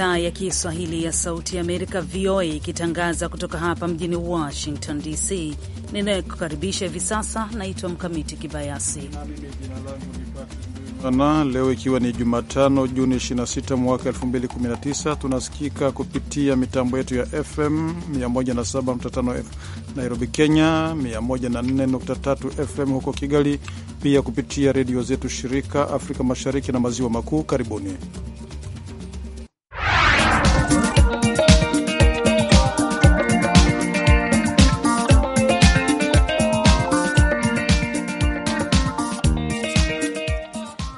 idhaa ya Kiswahili ya Sauti ya Amerika, VOA, ikitangaza kutoka hapa mjini Washington DC. Ninayekukaribisha hivi sasa naitwa Mkamiti Kibayasi na leo ikiwa ni Jumatano, Juni 26 mwaka 2019, tunasikika kupitia mitambo yetu ya FM 107.5 Nairobi, Kenya, 104.3 FM huko Kigali, pia kupitia redio zetu shirika Afrika Mashariki na Maziwa Makuu. Karibuni.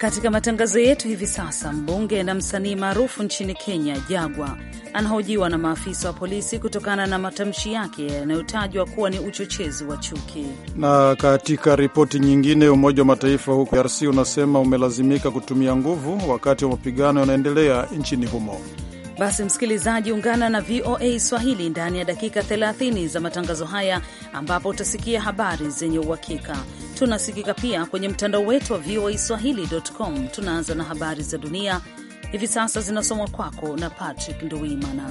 Katika matangazo yetu hivi sasa, mbunge na msanii maarufu nchini Kenya Jagwa anahojiwa na maafisa wa polisi kutokana na matamshi yake yanayotajwa kuwa ni uchochezi wa chuki. Na katika ripoti nyingine, Umoja wa Mataifa huko DRC unasema umelazimika kutumia nguvu wakati wa mapigano yanaendelea nchini humo. Basi msikilizaji, ungana na VOA Swahili ndani ya dakika 30 za matangazo haya ambapo utasikia habari zenye uhakika. Tunasikika pia kwenye mtandao wetu wa VOA Swahili.com. Tunaanza na habari za dunia hivi sasa, zinasomwa kwako na Patrick Nduwimana.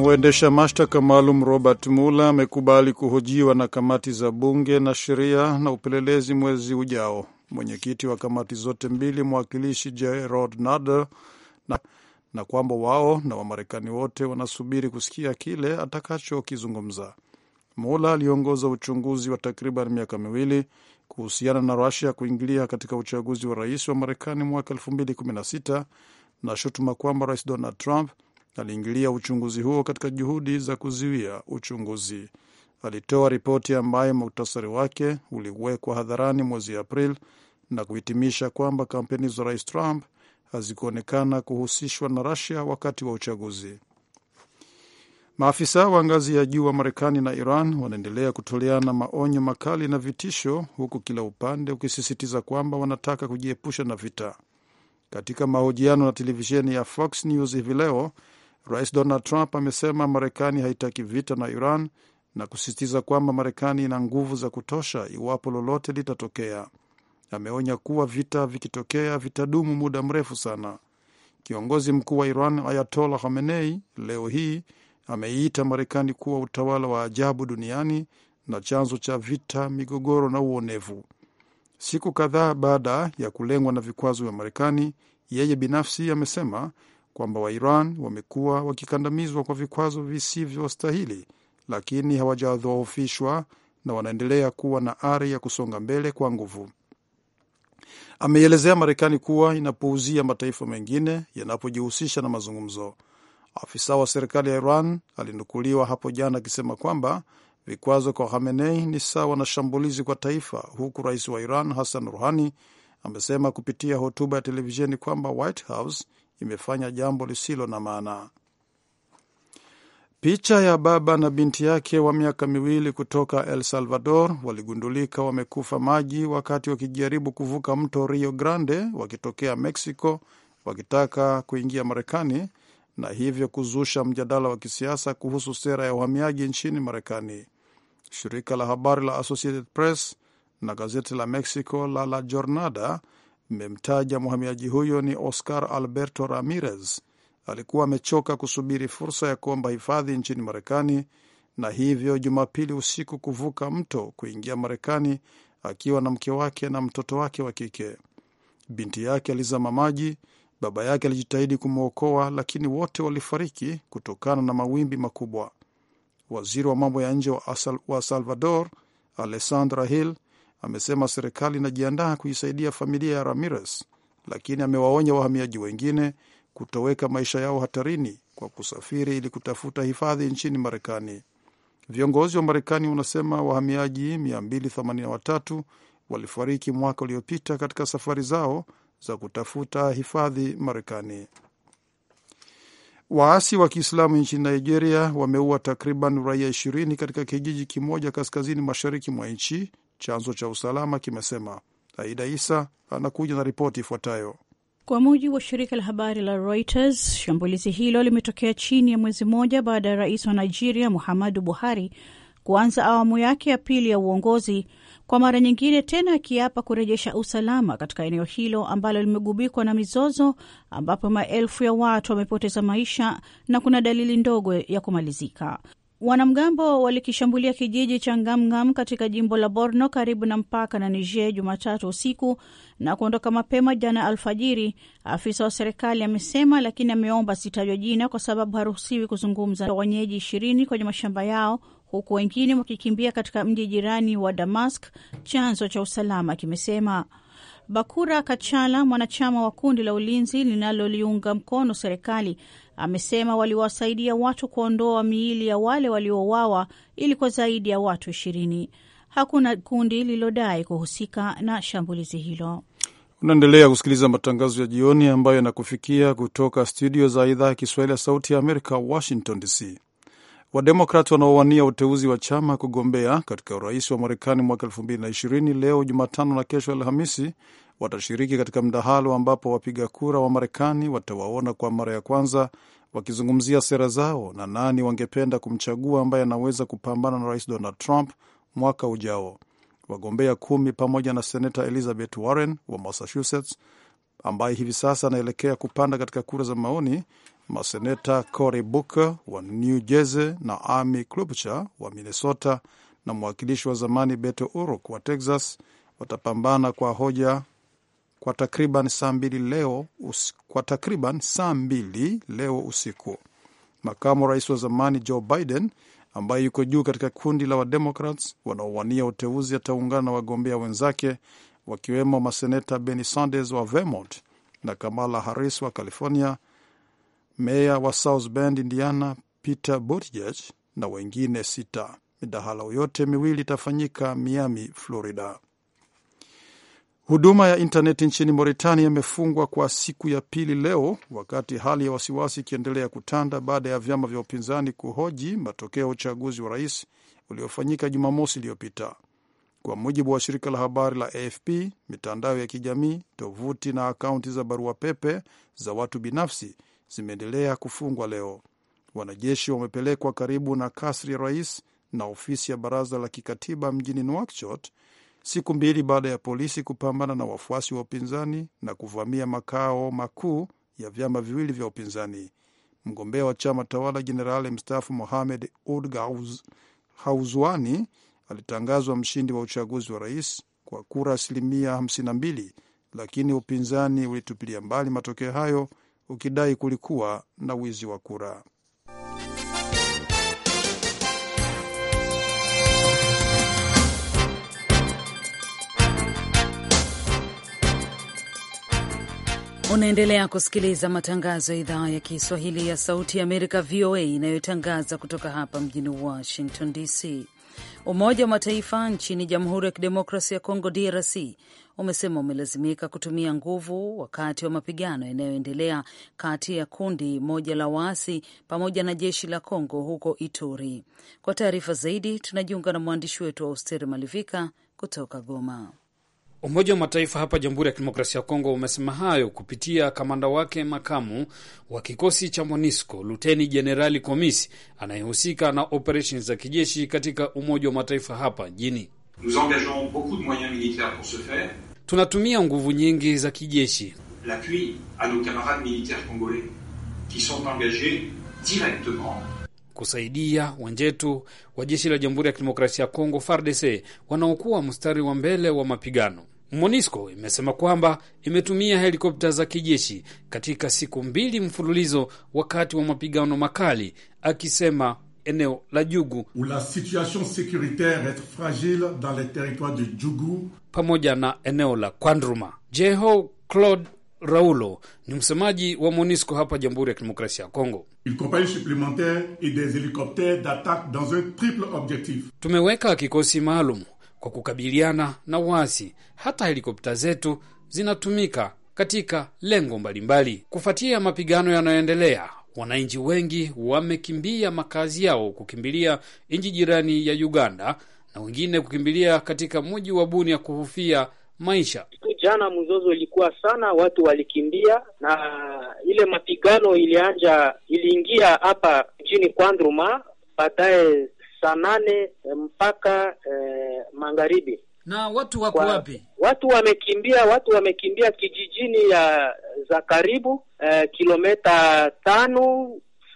Mwendesha mashtaka maalum Robert Mueller amekubali kuhojiwa na kamati za bunge na sheria na upelelezi mwezi ujao. Mwenyekiti wa kamati zote mbili, mwakilishi Jerrold Nader, na, na kwamba wao na Wamarekani wote wanasubiri kusikia kile atakachokizungumza. Mueller aliongoza uchunguzi wa takriban miaka miwili kuhusiana na Rusia kuingilia katika uchaguzi wa rais wa Marekani mwaka 2016 na shutuma kwamba rais Donald Trump aliingilia uchunguzi huo katika juhudi za kuzuia uchunguzi. Alitoa ripoti ambayo muktasari wake uliwekwa hadharani mwezi Aprili na kuhitimisha kwamba kampeni za rais Trump hazikuonekana kuhusishwa na rasia wakati wa uchaguzi. Maafisa wa ngazi ya juu wa Marekani na Iran wanaendelea kutoleana maonyo makali na vitisho, huku kila upande ukisisitiza kwamba wanataka kujiepusha na vita. Katika mahojiano na televisheni ya Fox News hivi leo, Rais Donald Trump amesema Marekani haitaki vita na Iran na kusisitiza kwamba Marekani ina nguvu za kutosha iwapo lolote litatokea. Ameonya kuwa vita vikitokea vitadumu muda mrefu sana. Kiongozi mkuu wa Iran Ayatollah Khamenei leo hii ameiita Marekani kuwa utawala wa ajabu duniani na chanzo cha vita, migogoro na uonevu. Siku kadhaa baada ya kulengwa na vikwazo vya Marekani, yeye binafsi amesema kwamba Wairan wamekuwa wakikandamizwa kwa vikwazo visivyostahili, lakini hawajadhoofishwa na wanaendelea kuwa na ari ya kusonga mbele kwa nguvu. Ameielezea Marekani kuwa inapuuzia mataifa mengine yanapojihusisha na mazungumzo. Afisa wa serikali ya Iran alinukuliwa hapo jana akisema kwamba vikwazo kwa Khamenei ni sawa na shambulizi kwa taifa, huku rais wa Iran Hassan Ruhani amesema kupitia hotuba ya televisheni kwamba White House imefanya jambo lisilo na maana. Picha ya baba na binti yake wa miaka miwili kutoka El Salvador waligundulika wamekufa maji wakati wakijaribu kuvuka mto Rio Grande wakitokea Mexico wakitaka kuingia Marekani na hivyo kuzusha mjadala wa kisiasa kuhusu sera ya uhamiaji nchini Marekani. Shirika la habari la Associated Press na gazeti la Mexico la La Jornada mmemtaja mhamiaji huyo ni Oscar Alberto Ramirez, alikuwa amechoka kusubiri fursa ya kuomba hifadhi nchini Marekani na hivyo Jumapili usiku kuvuka mto kuingia Marekani akiwa na mke wake na mtoto wake wa kike. Binti yake alizama maji. Baba yake alijitahidi kumwokoa, lakini wote walifariki kutokana na mawimbi makubwa. Waziri wa mambo ya nje wa Salvador Alessandra Hill amesema serikali inajiandaa kuisaidia familia ya Ramirez, lakini amewaonya wahamiaji wengine kutoweka maisha yao hatarini kwa kusafiri ili kutafuta hifadhi nchini Marekani. Viongozi wa Marekani wanasema wahamiaji 283 walifariki mwaka uliopita katika safari zao za kutafuta hifadhi Marekani. Waasi wa Kiislamu nchini Nigeria wameua takriban raia 20 katika kijiji kimoja kaskazini mashariki mwa nchi, chanzo cha usalama kimesema. Aida Isa anakuja na ripoti ifuatayo. Kwa mujibu wa shirika la habari la Reuters, shambulizi hilo limetokea chini ya mwezi mmoja baada ya rais wa Nigeria Muhammadu Buhari kuanza awamu yake ya pili ya uongozi, kwa mara nyingine tena akiapa kurejesha usalama katika eneo hilo ambalo limegubikwa na mizozo, ambapo maelfu ya watu wamepoteza maisha na kuna dalili ndogo ya kumalizika. Wanamgambo walikishambulia kijiji cha Ngamngam katika jimbo la Borno karibu na mpaka na Niger Jumatatu usiku na kuondoka mapema jana alfajiri, afisa wa serikali amesema, lakini ameomba sitajwa jina kwa sababu haruhusiwi kuzungumza na wenyeji ishirini kwenye mashamba yao, huku wengine wakikimbia katika mji jirani wa Damask, chanzo cha usalama kimesema. Bakura Kachala, mwanachama wa kundi la ulinzi linaloliunga mkono serikali, amesema waliwasaidia watu kuondoa miili ya wale waliouawa ilikuwa zaidi ya watu ishirini. Hakuna kundi lililodai kuhusika na shambulizi hilo. Unaendelea kusikiliza matangazo ya jioni ambayo yanakufikia kutoka studio za idhaa ya Kiswahili ya Sauti ya Amerika, Washington DC. Wademokrat wanaowania uteuzi wa chama kugombea katika urais wa Marekani mwaka 220 leo Jumatano na kesho Alhamisi watashiriki katika mdahalo ambapo wapiga kura wa Marekani watawaona kwa mara ya kwanza wakizungumzia sera zao na nani wangependa kumchagua ambaye anaweza kupambana na Rais Donald Trump mwaka ujao. Wagombea kumi pamoja na senata Elizabeth Warren wa Massachusetts ambaye hivi sasa anaelekea kupanda katika kura za maoni, maseneta Cory Booker wa New Jersey na Amy Klobuchar wa Minnesota na mwakilishi wa zamani Beto O'Rourke wa Texas watapambana kwa hoja kwa takriban saa mbili leo, kwa takriban saa mbili leo usiku. Makamu rais wa zamani Joe Biden ambaye yuko juu katika kundi la Wademokrats wanaowania uteuzi ataungana na wagombea wenzake wakiwemo maseneta Bernie Sanders wa Vermont na Kamala Harris wa California, meya wa South Bend, Indiana, Peter Buttigieg na wengine sita. Midahalo yote miwili itafanyika Miami, Florida. Huduma ya intaneti nchini Mauritania imefungwa kwa siku ya pili leo, wakati hali ya wasiwasi ikiendelea kutanda baada ya vyama vya upinzani kuhoji matokeo ya uchaguzi wa rais uliofanyika Jumamosi iliyopita. Kwa mujibu wa shirika la habari la AFP, mitandao ya kijamii, tovuti na akaunti za barua pepe za watu binafsi zimeendelea kufungwa leo. Wanajeshi wamepelekwa karibu na kasri ya rais na ofisi ya baraza la kikatiba mjini Nouakchott siku mbili baada ya polisi kupambana na wafuasi wa upinzani na kuvamia makao makuu ya vyama viwili vya upinzani. Mgombea wa chama tawala jenerali mstaafu Mohamed Ould Ghazouani alitangazwa mshindi wa uchaguzi wa rais kwa kura asilimia 52, lakini upinzani ulitupilia mbali matokeo hayo ukidai kulikuwa na wizi wa kura. Unaendelea kusikiliza matangazo ya idhaa ya Kiswahili ya Sauti ya Amerika, VOA, inayotangaza kutoka hapa mjini Washington DC. Umoja wa Mataifa nchini Jamhuri ya kidemokrasi ya Kongo, DRC, umesema umelazimika kutumia nguvu wakati wa mapigano yanayoendelea kati ya kundi moja la waasi pamoja na jeshi la Kongo huko Ituri. Kwa taarifa zaidi, tunajiunga na mwandishi wetu wa Austeri Malivika kutoka Goma. Umoja wa Mataifa hapa Jamhuri ya Kidemokrasia ya Kongo umesema hayo kupitia kamanda wake makamu wa kikosi cha MONUSCO Luteni Jenerali Komisi anayehusika na operesheni za kijeshi katika Umoja wa Mataifa hapa jini Tunatumia nguvu nyingi za kijeshi. L'appui a nos camarades militaires congolais qui sont engagés directement kusaidia wenzetu wa jeshi la Jamhuri ya Kidemokrasia ya Kongo, FARDC, wanaokuwa mstari wa mbele wa mapigano. MONUSCO imesema kwamba imetumia helikopta za kijeshi katika siku mbili mfululizo wakati wa mapigano makali, akisema eneo la Jugu Où la situation securitaire est fragile dans les territoires de Jugu pamoja na eneo la Kwandruma. Jeho Claude Raulo ni msemaji wa MONUSCO hapa Jamhuri ya Kidemokrasia ya Kongo. Tumeweka kikosi maalum kwa kukabiliana na waasi, hata helikopta zetu zinatumika katika lengo mbalimbali. Kufuatia mapigano yanayoendelea, wananchi wengi wamekimbia makazi yao kukimbilia nchi jirani ya Uganda na wengine kukimbilia katika mji wa Bunia kuhufia maisha. Jana mzozo ilikuwa sana, watu walikimbia, na ile mapigano ilianja iliingia hapa mjini Kwandruma baadaye saa nane eh, mpaka eh, magharibi. Na watu wako wapi? Watu wamekimbia, watu wamekimbia kijijini ya za karibu eh, kilometa tano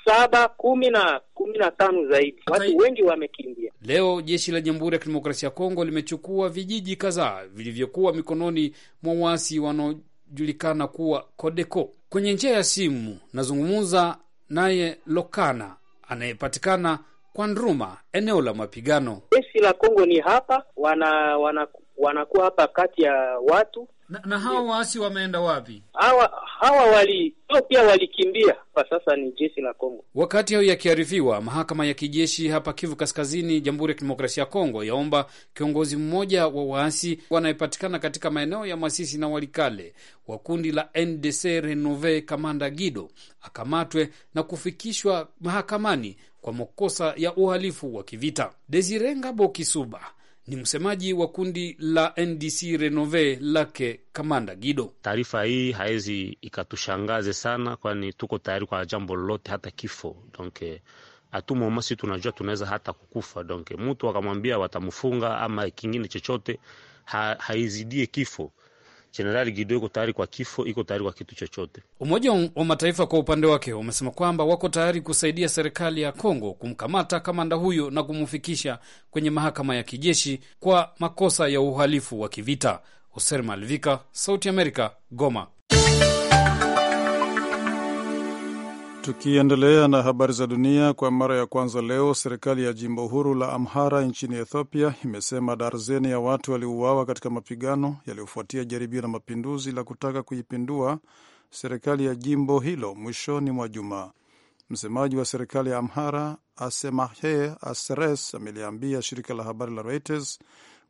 saba kumi na kumi na tano zaidi. Watu wengi wamekimbia. Leo jeshi la Jamhuri ya Kidemokrasia ya Kongo limechukua vijiji kadhaa vilivyokuwa mikononi mwa waasi wanaojulikana kuwa Kodeko. Kwenye njia ya simu nazungumza naye Lokana anayepatikana kwa Ndruma, eneo la mapigano. Jeshi la Kongo ni hapa, wana, wana wanakuwa hapa kati ya watu na, na hawa waasi wameenda wapi? Hawa hawa pia walikimbia, kwa sasa ni jeshi la Kongo. Wakati hayo yakiarifiwa, mahakama ya kijeshi hapa Kivu Kaskazini, Jamhuri ya Kidemokrasia ya Kongo yaomba kiongozi mmoja wa waasi wanayepatikana katika maeneo ya Masisi na Walikale wa kundi la NDC Renove, Kamanda Gido akamatwe na kufikishwa mahakamani kwa makosa ya uhalifu wa kivita. Desirenga Bokisuba ni msemaji wa kundi la NDC Renove lake Kamanda Gido. Taarifa hii haizi ikatushangaze sana, kwani tuko tayari kwa jambo lolote, hata kifo donc hatumomasi tunajua tunaweza hata kukufa donc mtu akamwambia watamfunga ama kingine chochote ha, haizidie kifo Jenerali Gido iko tayari kwa kifo, iko tayari kwa kitu chochote. Umoja wa Mataifa kwa upande wake umesema kwamba wako tayari kusaidia serikali ya Kongo kumkamata kamanda huyo na kumfikisha kwenye mahakama ya kijeshi kwa makosa ya uhalifu wa kivita. Hoser Malvika, Sauti Amerika, Goma. Tukiendelea na habari za dunia, kwa mara ya kwanza leo serikali ya jimbo huru la Amhara nchini Ethiopia imesema darzeni ya watu waliouawa katika mapigano yaliyofuatia jaribio la mapinduzi la kutaka kuipindua serikali ya jimbo hilo mwishoni mwa juma. Msemaji wa serikali ya Amhara Asemahe Asres ameliambia shirika la habari la Reuters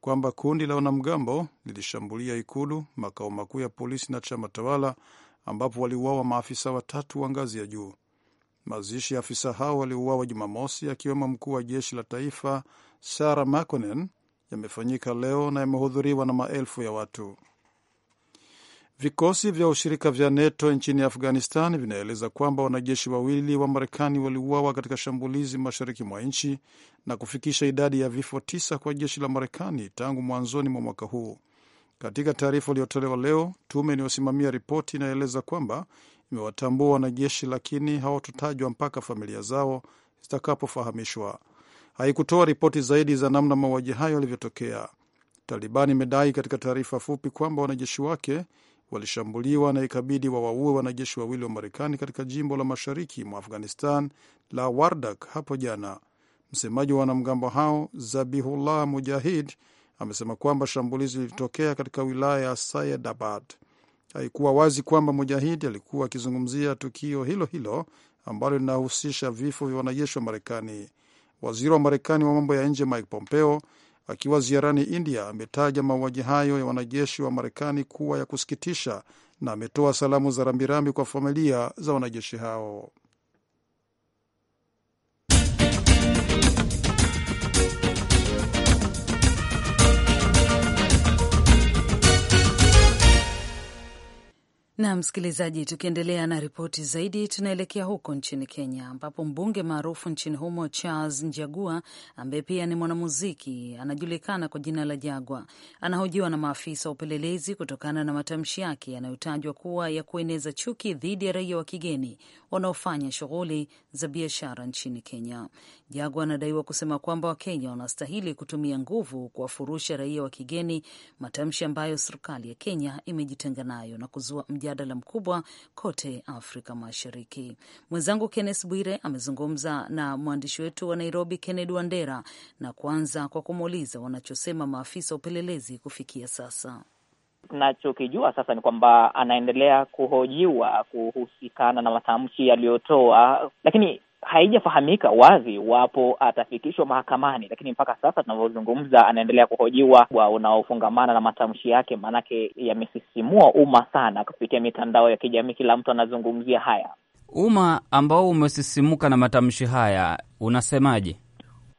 kwamba kundi la wanamgambo lilishambulia ikulu, makao makuu ya polisi na chama tawala, ambapo waliuawa maafisa watatu wa ngazi ya juu. Mazishi ya afisa hao waliouawa Jumamosi, akiwemo mkuu wa jeshi la taifa Sarah Makonnen, yamefanyika leo na yamehudhuriwa na maelfu ya watu. Vikosi vya ushirika vya NATO nchini Afghanistan vinaeleza kwamba wanajeshi wawili wa Marekani waliuawa katika shambulizi mashariki mwa nchi na kufikisha idadi ya vifo tisa kwa jeshi la Marekani tangu mwanzoni mwa mwaka huu. Katika taarifa iliyotolewa leo, tume inayosimamia ripoti inaeleza kwamba imewatambua wanajeshi, lakini hawatotajwa mpaka familia zao zitakapofahamishwa. Haikutoa ripoti zaidi za namna mauaji hayo yalivyotokea. Taliban imedai katika taarifa fupi kwamba wanajeshi wake walishambuliwa na ikabidi wawaue wanajeshi wawili wa Marekani katika jimbo la mashariki mwa Afghanistan la Wardak hapo jana. Msemaji wa wanamgambo hao Zabihullah Mujahid amesema kwamba shambulizi lilitokea katika wilaya ya Sayedabad haikuwa wazi kwamba Mujahidi alikuwa akizungumzia tukio hilo hilo ambalo linahusisha vifo vya wanajeshi wa Marekani. Waziri wa Marekani wa mambo ya nje Mike Pompeo akiwa ziarani India ametaja mauaji hayo ya wanajeshi wa Marekani kuwa ya kusikitisha na ametoa salamu za rambirambi kwa familia za wanajeshi hao. Na msikilizaji, tukiendelea na ripoti zaidi, tunaelekea huko nchini Kenya ambapo mbunge maarufu nchini humo Charles Njagua ambaye pia ni mwanamuziki anajulikana kwa jina la Jagwa anahojiwa na maafisa wa upelelezi kutokana na matamshi yake yanayotajwa kuwa ya kueneza chuki dhidi ya raia wa kigeni wanaofanya shughuli za biashara nchini Kenya. Jagwa anadaiwa kusema kwamba Wakenya wanastahili kutumia nguvu kuwafurusha raia wa kigeni, matamshi ambayo serikali ya Kenya imejitenga nayo na kuzua mjadala mkubwa kote Afrika Mashariki. Mwenzangu Kennes Bwire amezungumza na mwandishi wetu wa Nairobi, Kennedy Wandera, na kuanza kwa kumuuliza wanachosema maafisa wa upelelezi kufikia sasa. Tunachokijua sasa ni kwamba anaendelea kuhojiwa kuhusikana na matamshi yaliyotoa, lakini haijafahamika wazi wapo atafikishwa mahakamani, lakini mpaka sasa tunavyozungumza, anaendelea kuhojiwa kwa unaofungamana na matamshi yake, maanake yamesisimua umma sana kupitia mitandao ya kijamii. Kila mtu anazungumzia haya, umma ambao umesisimuka na matamshi haya, unasemaje?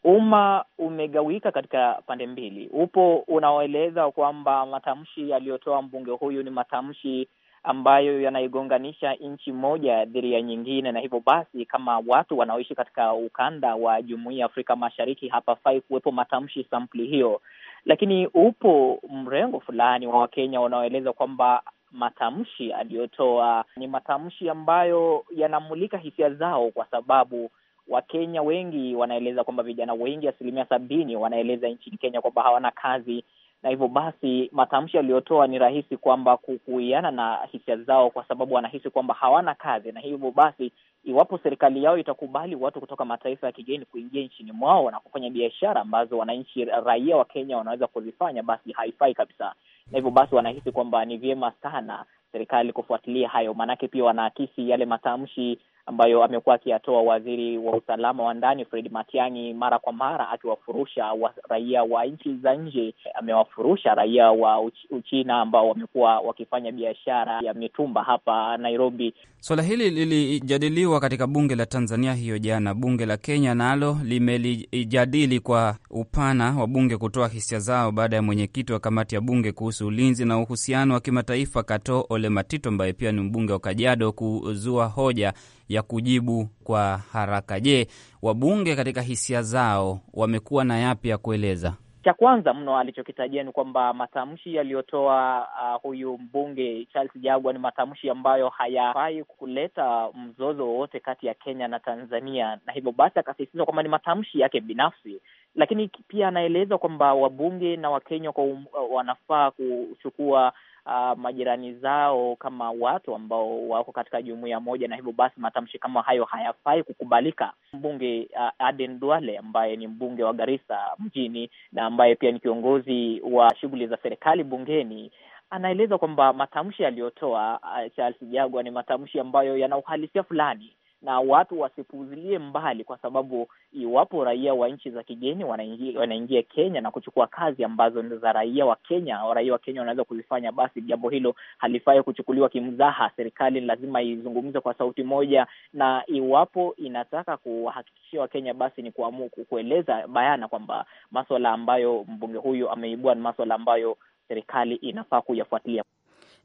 umma umegawika katika pande mbili. Upo unaoeleza kwamba matamshi yaliyotoa mbunge huyu ni matamshi ambayo yanaigonganisha nchi moja dhidi ya nyingine, na hivyo basi, kama watu wanaoishi katika ukanda wa jumuiya ya Afrika Mashariki, hapafai kuwepo matamshi sampli hiyo. Lakini upo mrengo fulani wa Wakenya wanaoeleza kwamba matamshi aliyotoa ni matamshi ambayo yanamulika hisia zao, kwa sababu Wakenya wengi wanaeleza kwamba vijana wengi, asilimia sabini, wanaeleza nchini Kenya kwamba hawana kazi, na hivyo basi matamshi aliyotoa ni rahisi kwamba kuhuiana na hisia zao, kwa sababu wanahisi kwamba hawana kazi, na hivyo basi iwapo serikali yao itakubali watu kutoka mataifa ya kigeni kuingia nchini mwao na kufanya biashara ambazo wananchi raia wa Kenya wanaweza kuzifanya, basi haifai kabisa, na hivyo basi wanahisi kwamba ni vyema sana serikali kufuatilia hayo, maanake pia wanaakisi yale matamshi ambayo amekuwa akiyatoa waziri wa usalama wa ndani Fred Matiang'i mara kwa mara akiwafurusha wa raia wa nchi za nje. Amewafurusha raia wa Uchina ambao wamekuwa wakifanya biashara ya mitumba hapa Nairobi. Swala hili lilijadiliwa katika bunge la Tanzania hiyo jana. Bunge la Kenya nalo limelijadili kwa upana wa bunge kutoa hisia zao baada ya mwenyekiti wa kamati ya bunge kuhusu ulinzi na uhusiano wa kimataifa Kato Ole Matito ambaye pia ni mbunge wa Kajiado kuzua hoja ya kujibu kwa haraka. Je, wabunge katika hisia zao wamekuwa na yapi ya kueleza? Cha kwanza mno alichokitajia ni kwamba matamshi yaliyotoa uh, huyu mbunge Charles Jagwa ni matamshi ambayo hayafai kuleta mzozo wowote kati ya Kenya na Tanzania, na hivyo basi akasisitiza kwamba ni matamshi yake binafsi, lakini pia anaeleza kwamba wabunge na Wakenya kwa um, wanafaa kuchukua uh, majirani zao kama watu ambao wako katika jumuiya moja, na hivyo basi matamshi kama hayo hayafai kukubalika. Mbunge uh, Aden Duale ambaye ni mbunge wa Garissa mjini na ambaye pia ni kiongozi wa shughuli za serikali bungeni anaeleza kwamba matamshi aliyotoa ah, Charles Jagwa ni matamshi ambayo yana uhalisia fulani na watu wasipuzilie mbali, kwa sababu iwapo raia wa nchi za kigeni wanaingia, wanaingia Kenya na kuchukua kazi ambazo ni za raia wa Kenya raia wa Kenya wanaweza kuzifanya, basi jambo hilo halifai kuchukuliwa kimzaha. Serikali lazima izungumze kwa sauti moja, na iwapo inataka kuwahakikishia Wakenya basi ni kuamu, kueleza bayana kwamba maswala ambayo mbunge huyu ameibua ni maswala ambayo serikali inafaa kuyafuatilia.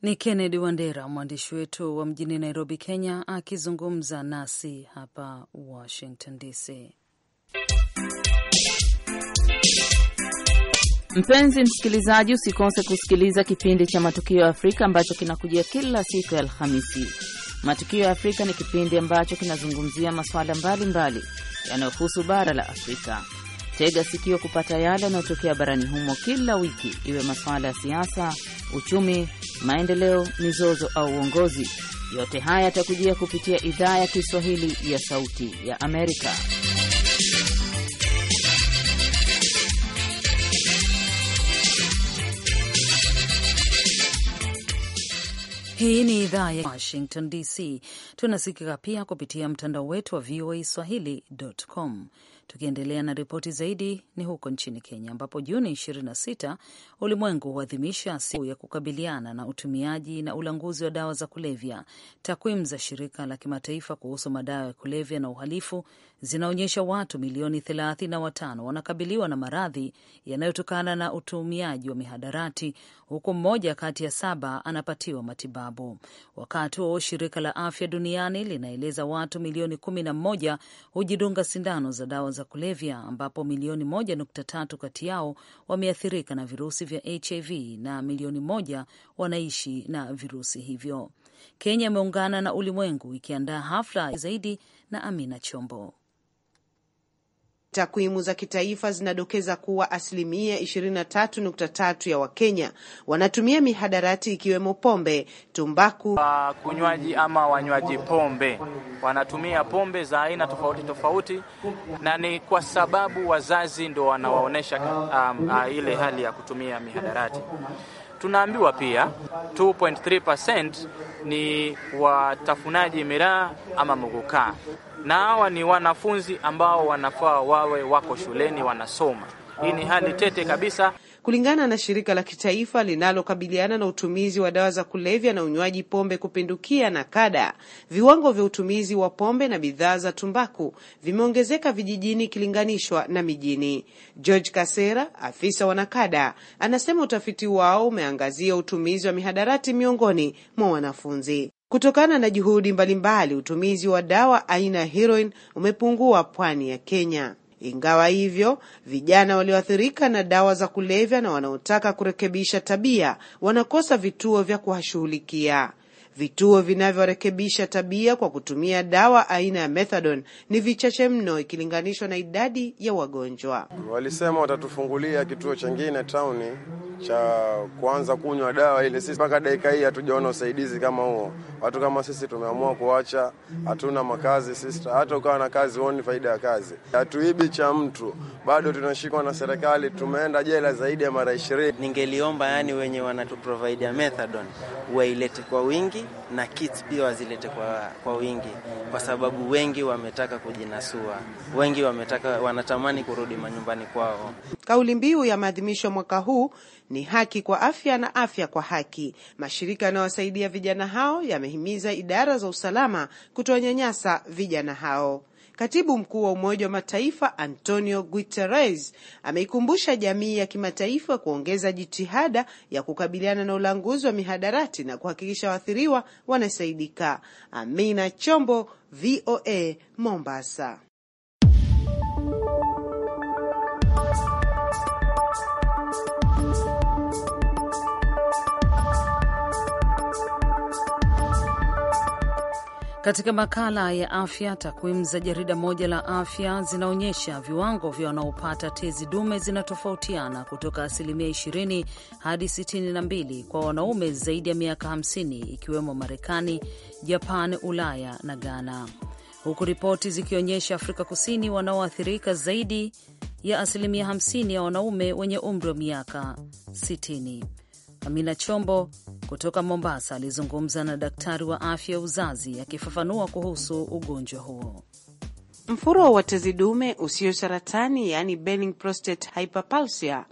Ni Kennedy Wandera, mwandishi wetu wa mjini Nairobi, Kenya, akizungumza nasi hapa Washington DC. Mpenzi msikilizaji, usikose kusikiliza kipindi cha Matukio ya Afrika ambacho kinakujia kila siku ya Alhamisi. Matukio ya Afrika ni kipindi ambacho kinazungumzia masuala mbalimbali yanayohusu bara la Afrika. Tega sikio kupata yale yanayotokea barani humo kila wiki, iwe masuala ya siasa, uchumi, maendeleo, mizozo au uongozi. Yote haya yatakujia kupitia idhaa ya Kiswahili ya Sauti ya Amerika. Hii ni idhaa ya Washington DC. Tunasikika pia kupitia mtandao wetu wa VOA swahili.com. Tukiendelea na ripoti zaidi, ni huko nchini Kenya ambapo Juni 26 ulimwengu huadhimisha siku ya kukabiliana na utumiaji na ulanguzi wa dawa za kulevya. Takwimu za shirika la kimataifa kuhusu madawa ya kulevya na uhalifu zinaonyesha watu milioni thelathini na watano wanakabiliwa na maradhi yanayotokana na utumiaji wa mihadarati huku mmoja kati ya saba anapatiwa matibabu. Wakati huo shirika la afya duniani linaeleza watu milioni kumi na mmoja hujidunga sindano za dawa za kulevya, ambapo milioni moja nukta tatu kati yao wameathirika na virusi vya HIV na milioni moja wanaishi na virusi hivyo. Kenya imeungana na ulimwengu ikiandaa hafla zaidi. Na Amina Chombo. Takwimu za kitaifa zinadokeza kuwa asilimia 23.3 ya Wakenya wanatumia mihadarati ikiwemo pombe, tumbaku, kunywaji ama wanywaji pombe. Wanatumia pombe za aina tofauti tofauti, na ni kwa sababu wazazi ndo wanawaonyesha um, uh, ile hali ya kutumia mihadarati. Tunaambiwa pia 2.3% ni watafunaji miraa ama mugukaa na hawa ni wanafunzi ambao wanafaa wawe wako shuleni wanasoma. Hii ni hali tete kabisa. Kulingana na shirika la kitaifa linalokabiliana na utumizi wa dawa za kulevya na unywaji pombe kupindukia na kada, viwango vya utumizi wa pombe na bidhaa za tumbaku vimeongezeka vijijini ikilinganishwa na mijini. George Kasera, afisa wa NACADA, anasema utafiti wao umeangazia utumizi wa mihadarati miongoni mwa wanafunzi. Kutokana na juhudi mbalimbali, utumizi wa dawa aina ya heroin umepungua pwani ya Kenya. Ingawa hivyo, vijana walioathirika na dawa za kulevya na wanaotaka kurekebisha tabia wanakosa vituo vya kuwashughulikia. Vituo vinavyorekebisha tabia kwa kutumia dawa aina ya methadone ni vichache mno ikilinganishwa na idadi ya wagonjwa. Walisema watatufungulia kituo chengine tauni cha kuanza kunywa dawa ile. Sisi mpaka dakika hii hatujaona usaidizi kama huo. Watu kama sisi tumeamua kuacha, hatuna makazi sisi, hata ukawa na kazi huoni faida ya kazi. Hatuibi cha mtu, bado tunashikwa na serikali. Tumeenda jela zaidi ya mara ishirini. Ningeliomba yani wenye wanatuprovidia methadone wailete kwa wingi hiki na kits pia wazilete kwa, kwa wingi, kwa sababu wengi wametaka kujinasua, wengi wametaka wanatamani kurudi manyumbani kwao. Kauli mbiu ya maadhimisho mwaka huu ni haki kwa afya na afya kwa haki. Mashirika yanayowasaidia vijana hao yamehimiza idara za usalama kutonyanyasa vijana hao. Katibu mkuu wa Umoja wa Mataifa Antonio Guterres ameikumbusha jamii ya kimataifa kuongeza jitihada ya kukabiliana na ulanguzi wa mihadarati na kuhakikisha waathiriwa wanasaidika. Amina Chombo, VOA Mombasa. Katika makala ya afya, takwimu za jarida moja la afya zinaonyesha viwango vya wanaopata tezi dume zinatofautiana kutoka asilimia 20 hadi 62 kwa wanaume zaidi ya miaka 50 ikiwemo Marekani, Japan, Ulaya na Ghana, huku ripoti zikionyesha Afrika Kusini wanaoathirika zaidi ya asilimia 50 ya wanaume wenye umri wa miaka 60. Amina Chombo kutoka Mombasa alizungumza na daktari wa afya ya uzazi akifafanua kuhusu ugonjwa huo. Mfuro wa tezi dume usio saratani, yaani benign prostate hyperplasia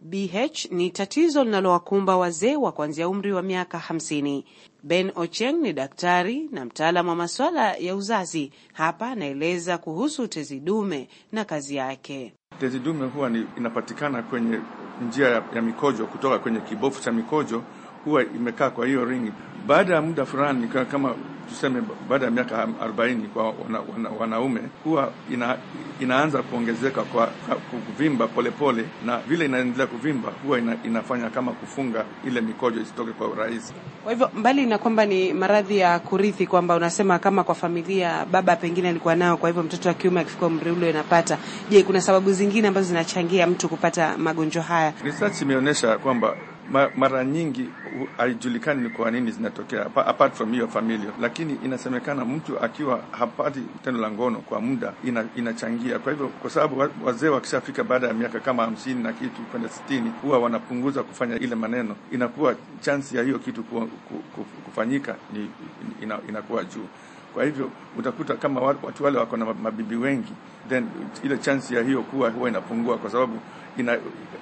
BH ni tatizo linalowakumba wazee wa kuanzia umri wa miaka 50. Ben Ocheng ni daktari na mtaalamu wa masuala ya uzazi. Hapa anaeleza kuhusu tezi dume na kazi yake. Tezi dume huwa ni inapatikana kwenye njia ya, ya mikojo kutoka kwenye kibofu cha mikojo huwa imekaa kwa hiyo ringi. Baada ya muda fulani, kama tuseme baada ya miaka 40 kwa wana, wana, wanaume huwa ina, inaanza kuongezeka kwa, kwa kuvimba polepole pole, na vile inaendelea kuvimba huwa ina, inafanya kama kufunga ile mikojo isitoke kwa urahisi. Kwa hivyo mbali na kwamba ni maradhi ya kurithi, kwamba unasema kama kwa familia baba pengine alikuwa nao, kwa hivyo mtoto wa kiume akifika umri ule anapata. Je, kuna sababu zingine ambazo zinachangia mtu kupata magonjwa haya? Research imeonyesha kwamba mara nyingi haijulikani ni kwa nini zinatokea apart from hiyo familia, lakini inasemekana mtu akiwa hapati tendo la ngono kwa muda ina, inachangia. Kwa hivyo, kwa sababu wazee wakishafika baada ya miaka kama hamsini na kitu kwenda sitini huwa wanapunguza kufanya ile maneno, inakuwa chansi ya hiyo kitu kufanyika ni, ina, inakuwa juu. Kwa hivyo utakuta kama watu wale wako na mabibi wengi, then ile chansi ya hiyo kuwa huwa inapungua, kwa sababu ina,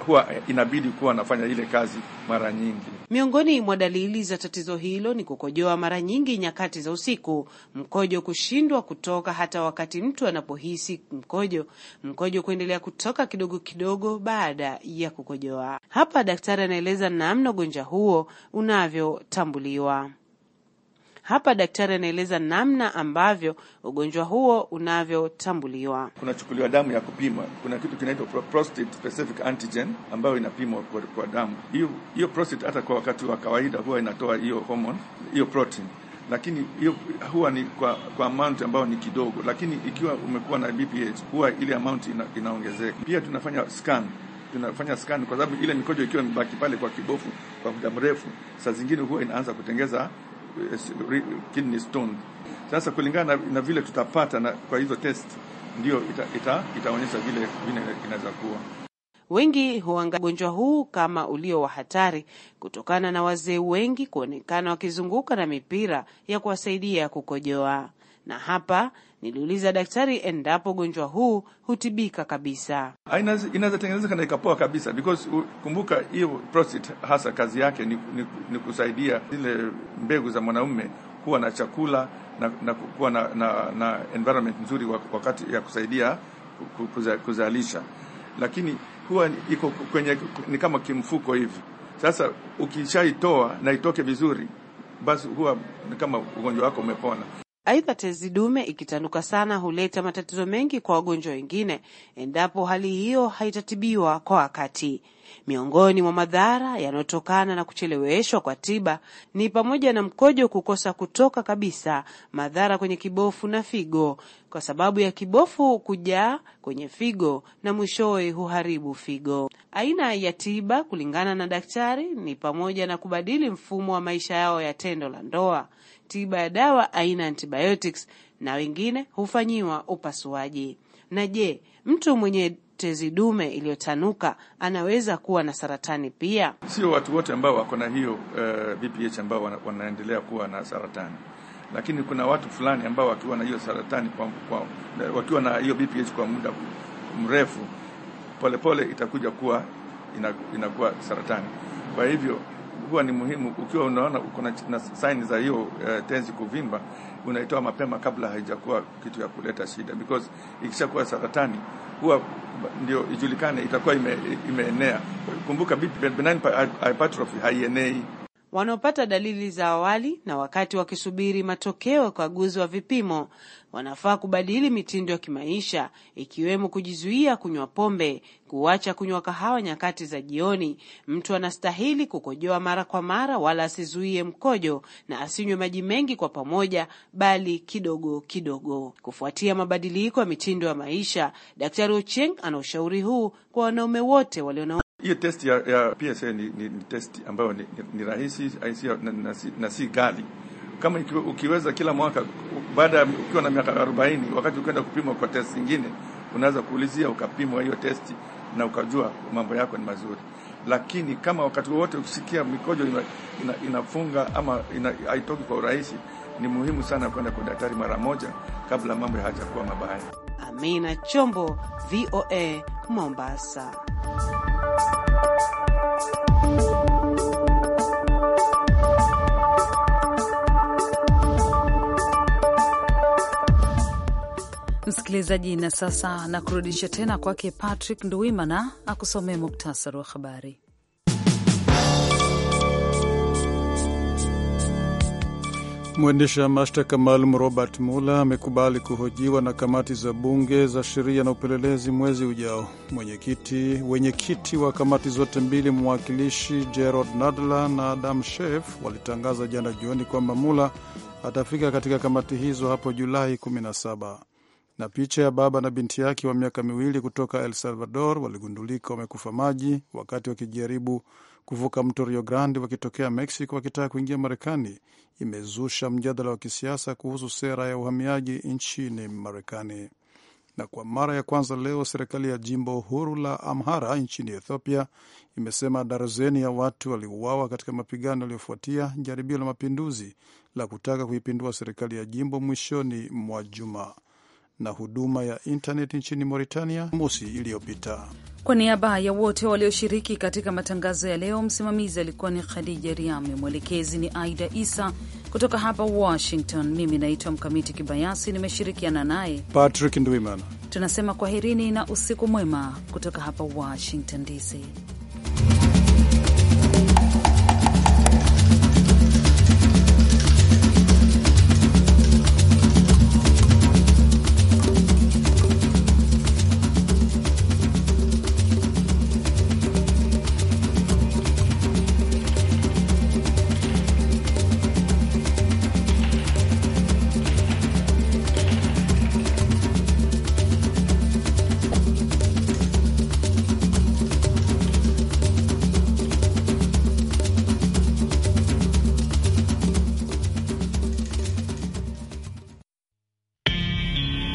huwa inabidi kuwa anafanya ile kazi mara nyingi. Miongoni mwa dalili za tatizo hilo ni kukojoa mara nyingi nyakati za usiku, mkojo kushindwa kutoka hata wakati mtu anapohisi mkojo, mkojo kuendelea kutoka kidogo kidogo baada ya kukojoa. Hapa daktari anaeleza namna ugonjwa huo unavyotambuliwa. Hapa daktari anaeleza namna ambavyo ugonjwa huo unavyotambuliwa. Kunachukuliwa damu ya kupima, kuna kitu kinaitwa prostate specific antigen ambayo inapimwa kwa, kwa damu hiyo. Hiyo prostate hata kwa wakati wa kawaida huwa inatoa hiyo hormone hiyo protein lakini hiyo huwa ni kwa, kwa amount ambayo ni kidogo, lakini ikiwa umekuwa na BPH huwa ile amount ina, inaongezeka. Pia tunafanya scan, tunafanya scan kwa sababu ile mikojo ikiwa imebaki pale kwa kibofu kwa muda mrefu, saa zingine huwa inaanza kutengeza Eh, kidney stones. Sasa kulingana na vile tutapata na kwa hizo test ndio itaonyesha ita, ita vile vile inaweza kuwa. Wengi huangalia ugonjwa huu kama ulio wa hatari kutokana na wazee wengi kuonekana wakizunguka na mipira ya kuwasaidia kukojoa, na hapa Niliuliza daktari endapo ugonjwa huu hutibika kabisa. Inaweza tengenezeka na ikapoa kabisa, because kumbuka, hiyo prostate hasa kazi yake ni, ni, ni kusaidia zile mbegu za mwanaume kuwa na chakula na, na kuwa na, na, na environment nzuri wakati ya kusaidia kuzalisha, lakini huwa iko kwenye ni kama kimfuko hivi. Sasa ukishaitoa na itoke vizuri, basi huwa ni kama ugonjwa wako umepona. Aidha, tezi dume ikitanuka sana huleta matatizo mengi kwa wagonjwa wengine endapo hali hiyo haitatibiwa kwa wakati. Miongoni mwa madhara yanayotokana na kucheleweshwa kwa tiba ni pamoja na mkojo kukosa kutoka kabisa, madhara kwenye kibofu na figo kwa sababu ya kibofu kujaa kwenye figo na mwishowe huharibu figo. Aina ya tiba kulingana na daktari ni pamoja na kubadili mfumo wa maisha yao ya tendo la ndoa, tiba ya dawa aina antibiotics na wengine hufanyiwa upasuaji. Na je, mtu mwenye tezi dume iliyotanuka anaweza kuwa na saratani pia? Sio watu wote ambao wako na hiyo uh, ambao wanaendelea kuwa na saratani, lakini kuna watu fulani ambao wakiwa na hiyo saratani kwa, kwa, wakiwa na hiyo VPH kwa muda mrefu, polepole itakuja kuwa inakuwa saratani. Kwa hivyo huwa ni muhimu, ukiwa unaona uko na saini za hiyo uh, tenzi kuvimba, unaitoa mapema kabla haijakuwa kitu ya kuleta shida, because ikishakuwa saratani huwa ndio ijulikane itakuwa ime, imeenea. Kumbuka benign hypertrophy haienei. Wanaopata dalili za awali na wakati wakisubiri matokeo ya ukaguzi wa vipimo wanafaa kubadili mitindo ya kimaisha ikiwemo kujizuia kunywa pombe, kuacha kunywa kahawa nyakati za jioni. Mtu anastahili kukojoa mara kwa mara, wala asizuie mkojo na asinywe maji mengi kwa pamoja, bali kidogo kidogo. Kufuatia mabadiliko ya mitindo ya maisha, Daktari Ocheng ana ushauri huu kwa wanaume wote walio na hiyo test ya, ya PSA ni, ni, ni testi ambayo ni, ni, ni rahisi na, na si ghali kama ukiweza kila mwaka baada ukiwa na miaka 40 wakati ukienda kupimwa kwa test nyingine, unaweza kuulizia ukapimwa hiyo testi na ukajua mambo yako ni mazuri. Lakini kama wakati wote ukisikia mikojo ina, ina, inafunga ama ina, haitoki kwa urahisi, ni muhimu sana kwenda kwa daktari mara moja kabla mambo hayajakuwa mabaya. Amina Chombo, VOA, Mombasa. msikilizaji. Na sasa na kurudisha tena kwake Patrick Nduwimana akusomee muktasari wa habari. Mwendesha mashtaka maalum Robert Mueller amekubali kuhojiwa na kamati za bunge za sheria na upelelezi mwezi ujao. Mwenyekiti wenyekiti wa kamati zote mbili, mwakilishi Gerald Nadler na Adam Schiff walitangaza jana jioni kwamba Mueller atafika katika kamati hizo hapo Julai 17 na picha ya baba na binti yake wa miaka miwili kutoka El Salvador waligundulika wamekufa maji wakati wakijaribu kuvuka mto Rio Grande wakitokea Mexico wakitaka kuingia Marekani imezusha mjadala wa kisiasa kuhusu sera ya uhamiaji nchini Marekani. Na kwa mara ya kwanza leo serikali ya jimbo huru la Amhara nchini Ethiopia imesema darzeni ya watu waliuawa katika mapigano yaliyofuatia jaribio la mapinduzi la kutaka kuipindua serikali ya jimbo mwishoni mwa juma na huduma ya intnet nchini Mauritania mosi iliyopita. Kwa niaba ya wote walioshiriki katika matangazo ya leo, msimamizi alikuwa ni Khadija Riami, mwelekezi ni Aida Isa. Kutoka hapa Washington, mimi naitwa Mkamiti Kibayasi, nimeshirikiana naye Patrick Ndwimana. Tunasema kwaherini na usiku mwema kutoka hapa Washington DC.